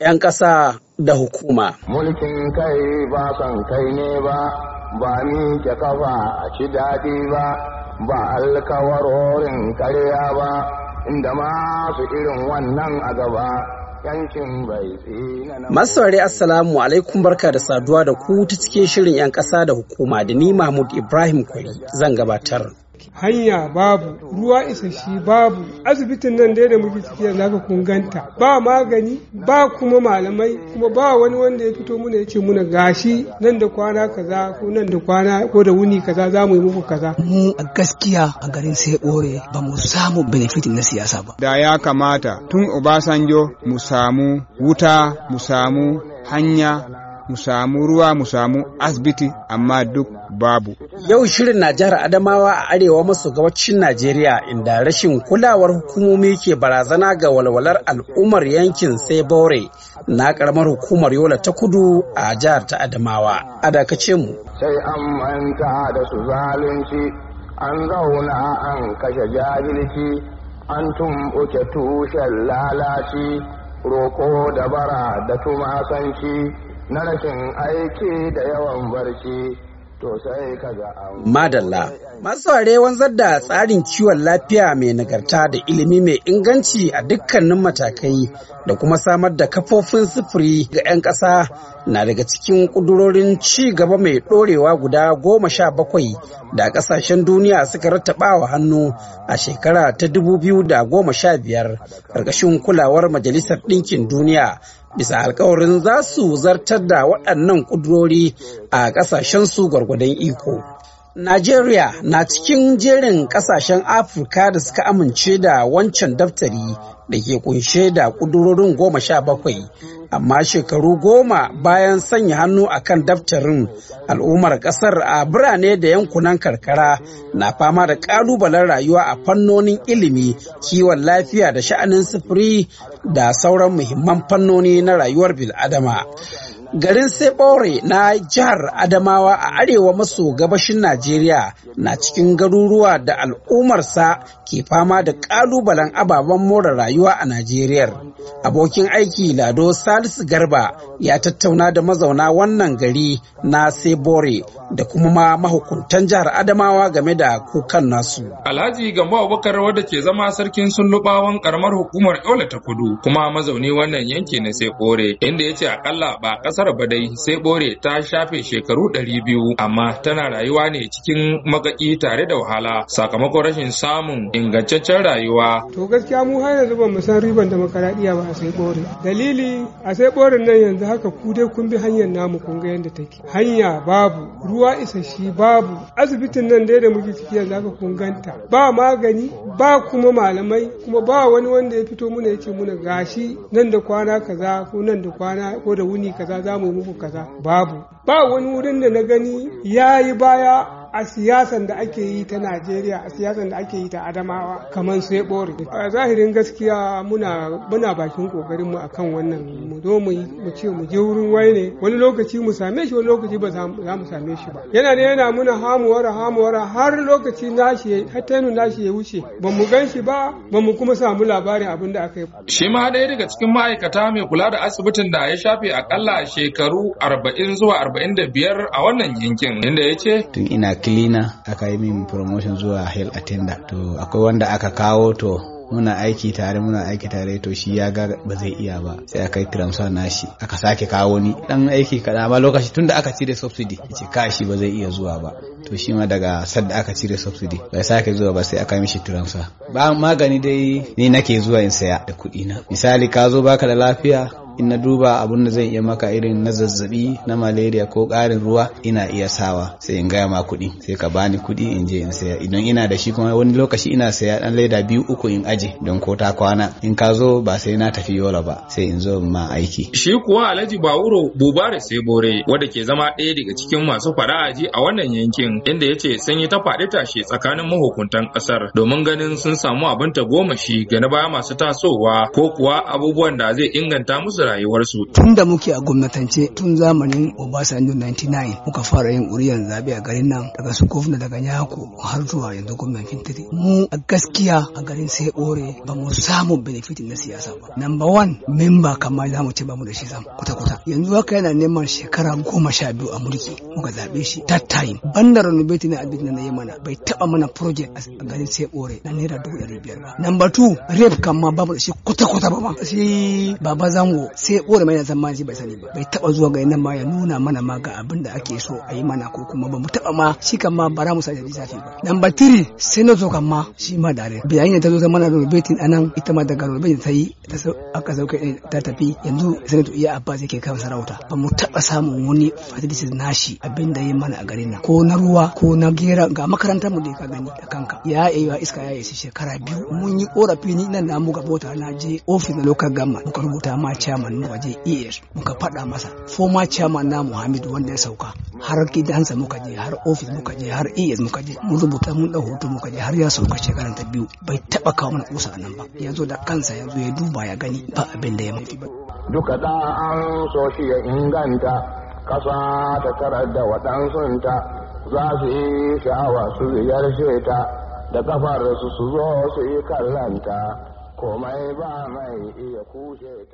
'yan ƙasa da hukuma. Mulkin kai ba son kai ne ba, ba ni ke kafa a ci daɗi ba, ba alkawarorin karya ba, inda masu irin wannan a gaba. Masauri Assalamu alaikum barka da saduwa da ku ta cikin shirin 'yan ƙasa da hukuma da ni Mahmud Ibrahim Kwari zan gabatar. hanya babu ruwa isasshe babu asibitin nan dai da muke ciki yanzu haka kun ganta ba magani ba kuma malamai kuma ba wani wanda ya fito muna yace muna gashi nan da kwana kaza ko nan da kwana ko da wuni kaza za mu yi muku kaza mu a gaskiya a garin sai bore ba mu samu benefit na siyasa ba da ya kamata tun obasanjo mu samu wuta mu samu hanya mu samu ruwa mu samu asibiti amma duk babu. Yau shirin na jihar Adamawa a arewa maso gabacin Najeriya inda rashin kulawar hukumomi ke barazana ga walwalar al'ummar yankin sai Bore na karamar hukumar Yola ta kudu a jihar ta Adamawa. Adaka ce mu. Sai an manta da su zalunci, an zauna an kashe jahilci, an tumɓuke tushen lalaci, roko da bara da tumasanci. na rashin aiki da yawan barci to sai ka ga Madalla, masu saurare wanzar da tsarin kiwon lafiya mai nagarta da ilimi mai inganci a dukkanin matakai da kuma samar da kafofin sufuri ga 'yan ƙasa na daga cikin ƙudurorin ci gaba mai ɗorewa guda goma sha bakwai da ƙasashen duniya suka rattaba wa hannu a shekara ta dubu biyu da goma sha biyar ƙarƙashin kulawar Majalisar Ɗinkin Duniya bisa alkawarin za su zartar da waɗannan ƙudurori a ƙasashensu gwargwadon iko. Najeriya na cikin jerin kasashen Afirka da suka amince da wancan daftari da ke kunshe da kudurorin goma sha bakwai. Amma shekaru goma bayan sanya hannu a kan daftarin al'ummar ƙasar a birane da yankunan karkara na fama da ƙalubalen rayuwa a fannonin ilimi, kiwon lafiya da sha'anin sufuri da sauran muhimman fannoni na rayuwar bil'adama. Garin Sebore na jihar Adamawa a arewa maso gabashin Najeriya na cikin garuruwa da al'ummarsa ke fama da ƙalubalen ababen more rayuwa a Najeriya. Abokin aiki Lado Salisu Garba ya tattauna da mazauna wannan gari na Sebore da kuma ma mahukuntan jihar Adamawa game da kukan nasu. Alhaji Gambo Abubakar wadda ke zama sarkin sunnubawan karamar hukumar Yola ta Kudu kuma mazauni wannan yanki na Sebore inda yace ce akalla ba ƙasa kasar ba dai sai bore ta shafe shekaru ɗari biyu amma tana rayuwa ne cikin magaki tare da wahala sakamakon rashin samun ingantaccen rayuwa. To gaskiya mu har yanzu ba mu san riban makaradiya ba a sai bore. Dalili a sai bore nan yanzu haka ku dai kun bi hanyar namu kun ga yadda take. Hanya babu, ruwa isasshe babu, asibitin nan dai da muke ciki yanzu haka kun ganta. Ba magani, ba kuma malamai, kuma ba wani wanda ya fito muna ya ce muna gashi nan da kwana kaza ko nan da kwana ko da wuni kaza za mu muku kaza babu ba wani wurin da na gani ya yi baya a siyasan da ake yi ta najeriya a siyasan da ake yi ta adamawa kamar sai bore a zahirin gaskiya muna muna bakin kokarin mu akan wannan mu zo mu ce mu je wurin wai ne wani lokaci mu same shi wani lokaci ba za mu same shi ba yana da yana muna hamuwara hamuwara har lokaci nashi har tainu nashi ya wuce ba mu gan shi ba ba mu kuma samu labarin abin da aka yi shi ma ɗaya daga cikin ma'aikata mai kula da asibitin da ya shafe akalla shekaru arba'in zuwa arba'in da biyar a wannan yankin inda ya ce tun ina cleaner aka yi min promotion zuwa health attendant to akwai wanda aka kawo to muna aiki tare muna aiki tare to shi ya ga ba zai iya ba sai aka yi transfer na shi aka sake kawo ni dan aiki kaɗan ma lokaci tunda aka cire subsidy ce shi ba zai iya zuwa ba to shi ma daga sadda aka cire subsidy bai sake zuwa ba sai aka yi mishi transfer ba magani dai ni nake zuwa in saya da kuɗi na misali ka zo baka da lafiya in na duba abun da zai iya maka irin na zazzabi na malaria ko ƙarin ruwa ina iya sawa sai in gaya ma kuɗi sai ka bani kuɗi in je in saya idan ina da shi kuma wani lokaci ina saya ɗan leda biyu uku in aje don ko ta kwana in ka zo ba sai na tafi yola ba sai in zo ma aiki. Shi kuwa Alhaji Bawuro Bubare bore wanda ke zama ɗaya daga cikin masu fara'aji a wannan yankin inda ya ce sun yi ta faɗi tashe tsakanin mahukuntan ƙasar domin ganin sun samu abin shi ga na baya masu tasowa ko kuwa abubuwan da zai inganta musu rayuwarsu. Tun da muke a gwamnatance tun zamanin Obasanjo 99 muka fara yin uriyan zabe a garin nan daga su kofuna daga Nyako har zuwa yanzu gwamnatin tiri. Mu a gaskiya a garin sai ore ba mu samu benefit na siyasa ba. Number one memba kamar za mu ce ba mu da shi sam kuta kuta. Yanzu haka yana neman shekara goma sha biyu a mulki muka zabe shi ta time. Banda Ranubeti na abin na mana bai taba mana project a garin sai ore na naira dubu ɗari biyar ba. Number two rep kama babu da shi kuta kuta ba ma. Sai Baba Zango sai ya kore mana zama bai sani ba bai taba zuwa ga nan ma ya nuna mana ma ga abin da ake so a yi mana ko kuma ba mu taba ma shi kan ma bara mu sani ba number tiri sai na zo kan ma shi ma dare bayan ta zo ta mana a anan ita ma daga renovating ta yi ta aka sauke ta tafi yanzu sanato iya abbas yake kan sarauta ba mu taba samun wani facilities nashi abin da ya mana a garin nan ko na ruwa ko na gera ga makarantar mu da ka gani da kanka ya yi iska ya yi shekara biyu mun yi korafi ni nan na mu gaba wata na je ofis na local government muka rubuta ma chairman na waje EAS muka faɗa masa former chairman na Muhammad wanda ya sauka har gidansa muka je har office muka je har EAS muka je mun rubuta mun ɗau hoto muka je har ya sauka shekaran ta biyu bai taɓa kawo mana kusa nan ba ya da kansa ya ya duba ya gani ba abin da ya mafi ba. Duka da an so shi ya inganta kasa ta tarar da ta za su yi sha'awa su ziyarce ta da kafar su su zo su yi kallanta.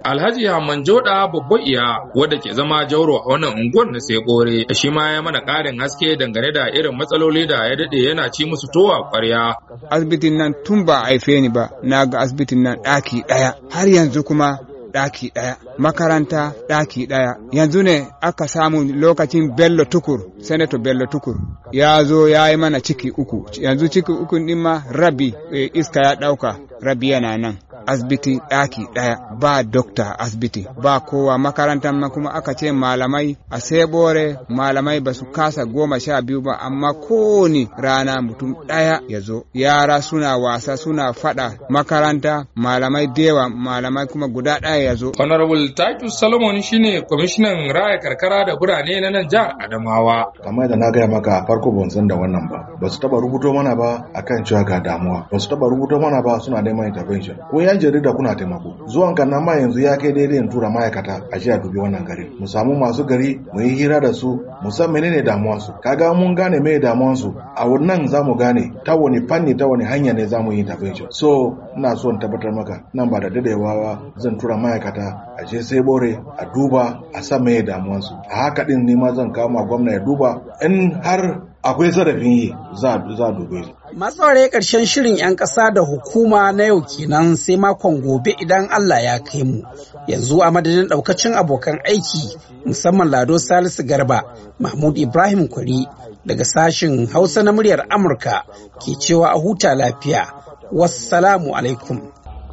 Alhaji Hamman Joda babba iya wadda ke zama jauro a wannan unguwar na sai kore shi ma ya mana ƙarin haske dangane da irin matsaloli da ya dade yana ci musu towa ƙwarya. Asibitin nan tun ba a haife ni ba na ga asibitin nan daki ɗaya har yanzu kuma ɗaki ɗaya makaranta ɗaki ɗaya yanzu ne aka samu lokacin bello tukur senator bello tukur ya zo ya yi mana ciki uku yanzu ciki uku ɗin ma rabi eh, iska ya ɗauka rabi yana nan asibiti ɗaki ɗaya ba dokta asibiti ba kowa makaranta ma kuma aka ce malamai a sebore malamai ba su kasa goma sha biyu ba amma kowane rana mutum ɗaya ya zo yara suna wasa suna faɗa makaranta malamai dewa malamai kuma guda ɗaya ya zo. honorable tatus solomon shine kwamishinan raya karkara da birane na nan jihar adamawa. kamar da na gaya maka farko ban san da wannan ba ba su taɓa rubuto mana ba akan cewa ga damuwa ba su taɓa rubuto mana ba suna neman intervention ko ya 'yan jarida kuna taimako zuwan ka ma yanzu ya kai daidai in tura ma'aikata a jiya dubi wannan gari mu samu masu gari mu yi hira da su mu san menene damuwar su kaga mun gane me damuwar su a wannan za mu gane ta wani fanni ta wani hanya ne za mu yi intervention so ina so in tabbatar maka nan ba da dadewa ba zan tura ma'aikata a je sai bore a duba a san me damuwar su a haka din ni ma zan kawo ma gwamna ya duba in har akwai zarafin yi za a dube su. Matsawar ƙarshen shirin 'yan ƙasa da hukuma na yau kenan sai makon gobe idan Allah ya kai mu. Yanzu a madadin ɗaukacin abokan aiki musamman Lado Salisu Garba, Mahmud Ibrahim Kwari daga sashin Hausa na muryar Amurka ke cewa a huta lafiya. Wassalamu alaikum.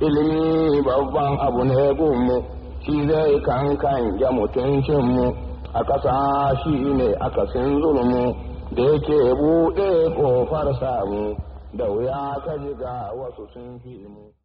Ilimi babban abu ne gumu, shi zai kankan ya mutuncinmu, a ƙasa shi ne akasin da yake buɗe ƙofar samu da wuya ka jiga wasu sun fi mu.